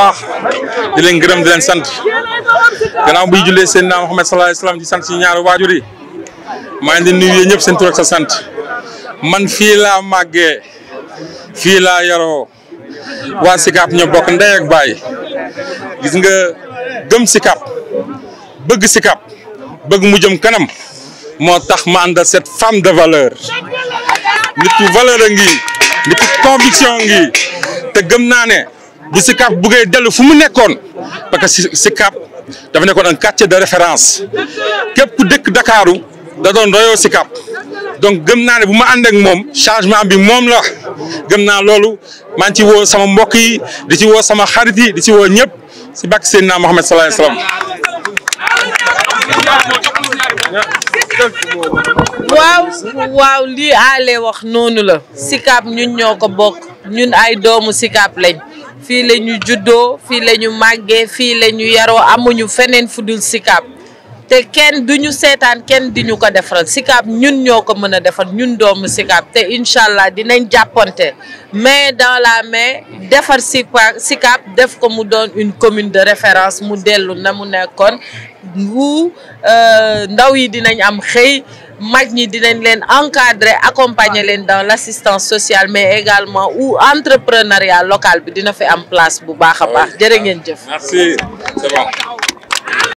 baax di leen gërëm di leen sant gannaaw buy jullee seen naam Muhammad sallallahu alayhi wasallam di sant si ñaari waajur yi maa ngi leen di nuyu ñëpp seen tur sa sant man fii laa màggee fii laa yaroo waa Sicap ñoo bokk ndey ak baay gis nga gëm Sicap bëgg Sicap bëgg mu jëm kanam moo tax ma àndal cette femme de valeur nitu valeur a ngi nitu conviction ngi te gëm naa bu Sicap buggee dellu fu mu nekkoon parce que Sicap dafa nekkoon un quartier de référence képp ku dëkk Dakaaru da doon royoo Sicap donc gëm naa ne bu ma ànd moom changement bi moom la gëm naa loolu maa ngi ci woo sama mbokk yi di ci woo sama xarit yi di ci woo ñëpp si bàkk Seydina Mohamed sallallahu alayhi wa sallam waaw lii Alé wax noonu la Sicap ñun ñoo ko bokk ñun ay doomu Sicap lañ fii la ñu juddoo fii la ñu màggee fii la ñu yaroo amuñu feneen fu dul te kenn du ñu seetaan kenn di ñu ko defaral Sicap ñun ñoo ko mën a defar ñun doomu Sicap te incha allah dinañ jàppante mais dans la mais defar Sicap Sicap def ko mu doon une commune de référence mu dellu na mu nekkoon bu euh, ndaw yi dinañ am xëy mag ñi dinañ leen encadrer accompagner leen dans l'assistance sociale mais également ou entrepreneuriat local bi dina fi am place bu baax a baax jërë ngeen jëf. Merci,